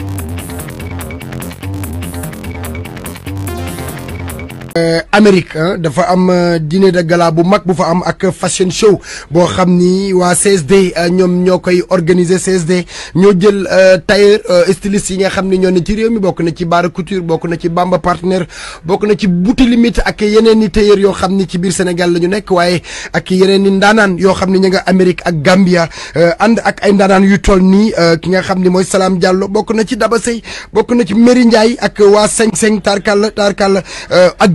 Thank you. Euh, Amérique dafa am euh, dîner de gala bu mag bu fa am ak fashion show boo xam ni waa CSD euh, ñoom ñoo koy organiser CSD ñoo jël tailleur styliste yi nga xam ni ñoo ne ci réew mi bokk na ci Bara Couture bokk na ci Bamba Partenaire bokk na ci Bouti Limite ak yeneen i tailleur yoo xam ni ci biir Sénégal la ñu nekk waaye ak yeneen i ndaanaan yoo xam ni ñu nga Amérique ak Gambia ànd ak ay ndaanaan yu toll nii ki nga xam ni mooy Salam Diallo bokk na ci Daba Sey bokk na ci Mary Ndiaye ak waa Seng Seng Tarkal Tarkal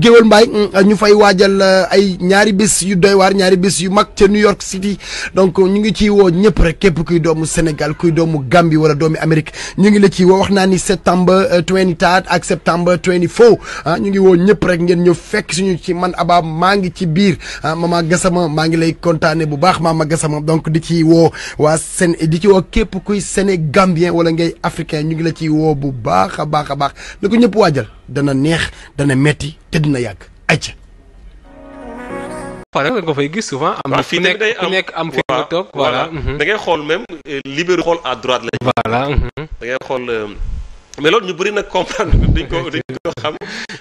géwal mbaay mm, ñu fay waajal uh, ay ñaari bis yu doy war ñaari bis yu mak ci New York City donc ñu ngi ci wo ñëpp rek kep kuy doomu Sénégal kuy doomu Gambie wala doomu Amérique ñu ngi la ci wo wax September ni septembre 23 uh, ak septembre 24 ah ñu ngi wo ñëpp rek ngeen ñu fekk suñu ci man Aba mangi ngi ci biir ah mama Gassama ma ngi lay kontaane bu baax mama Gassama donc di ci wo wa sen di ci wo kep kuy wala ngay africain ñu ngi la ci wo bu bah, kabah baax lako baax wajal dana neex dana metti te dina yàgg acca pare nga fay gis souvent. am na fi nekk fi am fi nga toog voilà mhm. da ngay xool même eh, libéraux xool à droite lañ. voilà mhm. da xool euh, mais ñu bëri nag comprendre dañ ko dañ ko xam.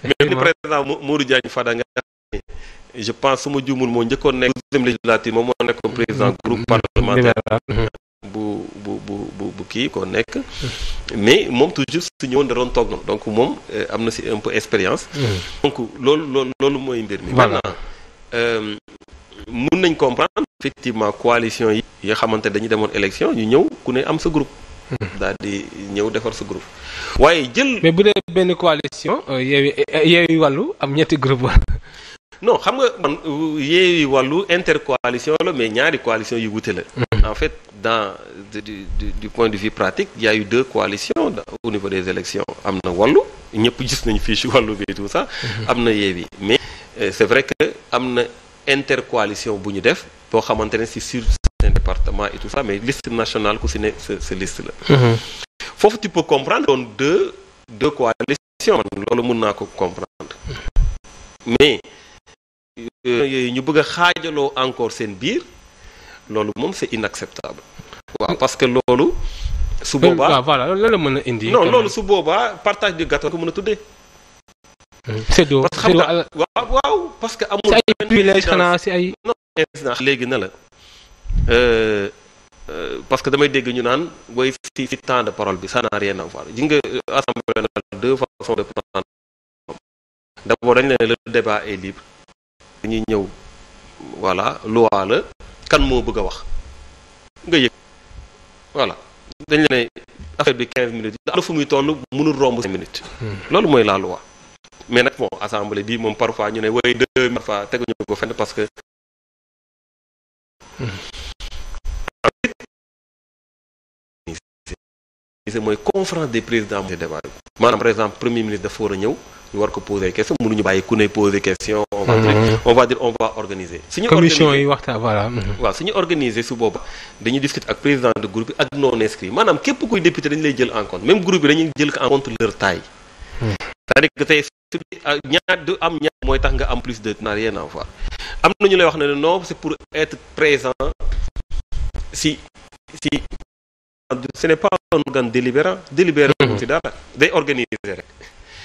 mais ni président Modou Diagne Fada nga xam ne je pense su ma juumul moo njëkkoon nekk deuxième législative moom moo nekkoon président groupe parlementaire mhm. bu bu. Qui ko mais mon toujours su ñëwoon de doon donc mon euh, amnésie ci un peu expérience. Mm-hmm. donc loolu loolu loolu mooy mbir mi. voilà maintenant euh, mun nañ comprendre effectivement coalition yi. yoo xamante dañu demoon élection ñu ñew ku ne am sa groupe. Mm-hmm. dal di ñew defar sa groupe. waye jël. mais bu ben benn coalition. Euh, yeewi yeewi wàllu am ñetti groupe non xam nga man yeewi wàllu intercoalition la mais ñaari coalition yi wuté la. Mm-hmm en fait, dans, du, du, du, point de vue pratique, il y a eu deux coalitions au niveau des élections. Amna Wallou, n'y gis nañu fii ci Wallou et tout ça. Mhm. Amna na mais euh, c'est vrai que y intercoalition une intercoalition def boo sur certains départements et tout ça mais liste nationale c'est cette liste-là. liste là mhm. tu peux comprendre a deux deux coalitions C'est ce que je ko comprendre. Mhm. mais euh, yooyu ñu bëgg a encore une biir. loolu moom c'est inacceptable waaw parce que loolu su boobaa waaw voilà loolu la mën a indi non loolu su boobaa partage du gâteau ko mën a tuddee hmm, séddoo parce que xam nga waaw parce que amul ay privilège xanaa si ay non léegi na la euh, euh, parce que damay dégg ñu naan woy fi fi temps de parole bi sa n'a rien à voir ji nga euh, assemblée na deux façons de prendre d'abord dañ ne le débat est libre dañuy ñëw voilà loi la kan moo bëgg a wax nga yëg voilà dañ la ne affaire bi quinze minutes am na fu muy toll mënul romb cinq minutes loolu mooy la mais nag moo assemblée bi moom parfois ñu ne woy deux parfois teguñu ko fenn parce que mooy conférence des présidents de débat maanaam par exemple premier ministre dafa war a ñëw on va poser question question. on va mhm. dire on va dire on va organiser. si commission organiser, voilà. nous mhm. suñu organiser président de groupe ak non inscrit képp en même groupe dañuy leur taille. Mhm. c'est-à-dire que plus de rien à voir non c'est pour être présent si si. ce n'est pas un organe délibérant délibérant c'est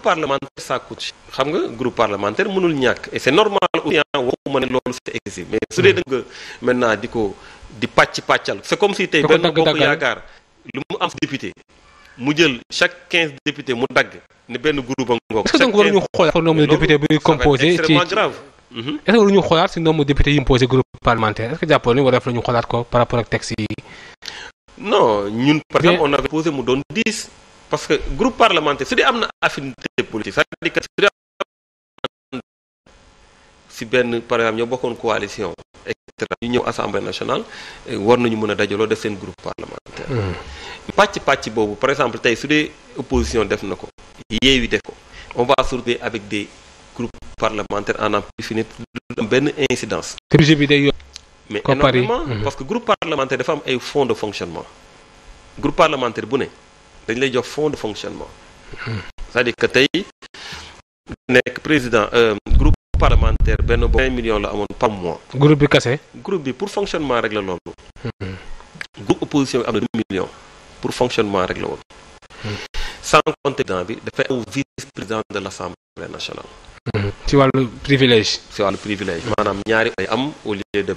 groupe parlementaire ça coûte xam nga groupe parlementaire mënul ñak et c'est normal aussi hein, waxuma ne loolu c'est excessif mais su dee da nga maintenant diko di patch patchal c'est comme si tay benn bokku yakar lu mu am député mu jël chaque 15 député mu dag ne benn groupe ngok c'est est-ce que donc waruñu xoolaat si nombre député buy composé ci mhm. Mhm. est-ce que waruñu xoolaat si nombre de député yi imposé groupe parlementaire est-ce que jàppoon ni war def la ñu xoolaat ko par rapport ak texte yi non ñun par exemple on avait posé mu doon dix parce que groupe parlementaire c'est une affinité politique c'est-à-dire que si nous par exemple ñoo coalition une coalition, assemblée nationale eh, war nañu a des def parlementaires. groupe parlementaire. Hmm. par exemple si l'opposition une opposition def on va assurer avec des groupes parlementaires en amplifiant une incidence. mais hmm. parce que groupe parlementaire femmes est ay fonds de fonctionnement groupe parlementaire bu ne dañ lay jox fonds de fonctionnement c'est-à-dire que tey nekk président euh, groupe parlementaire benn un million millions la par mois groupe bi kase groupe bi pour fonctionnement rek la loolu hmm. groupe opposition bi millions pour fonctionnement rek la sans compter président de faire am vice président de l'Assemblée nationale ci hmm. le privilège as le privilège maanaam ñaari ay am au lieu de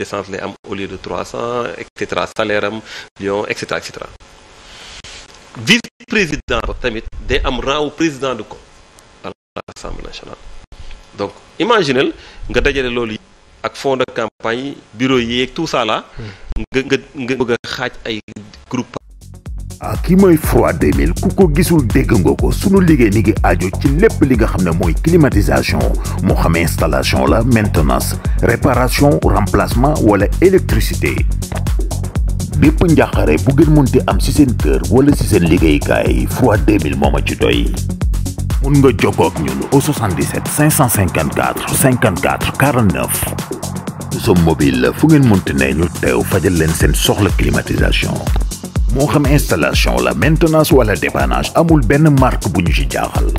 descendre, lay au lieu de 300, etc. et salaire am vice président ba tamit day am président de ko l'Assemblée nationale donc imaginez nga dajale loolu yi ak fond de campagne yi bureau yi tout ça là nga nga nga ay groupe ah qui mooy froid 2000 kuko gisul deg ngoko ko sunu liggéey ni ngi aajo ci lepp li nga xam moy climatisation mo xamé installation la maintenance réparation remplacement wala électricité bépp njàqare bu ngeen mënti am ci seen kër wala ci seen liggéeykaay Froid 2000 moma ci doy. mun nga ak ñun au 77 554 54 49. Nous mobile fu ngeen mënti ne ñu teew fajal leen seen soxla climatisation. moo xam installation la maintenance wala dépannage amul benn marque bu ñu ci jaaxal.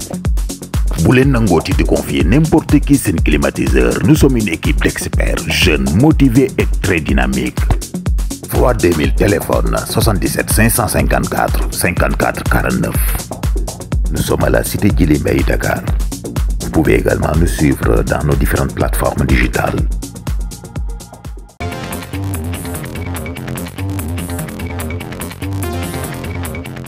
bu leen nangooti di confier n'importe qui seen climatiseur nous sommes une équipe d'experts jeunes motivés et très dynamiques. Voir 2000 téléphone 77 554 54 49. Nous sommes à la cité Guillemey, Dakar. Vous pouvez également nous suivre dans nos différentes plateformes digitales.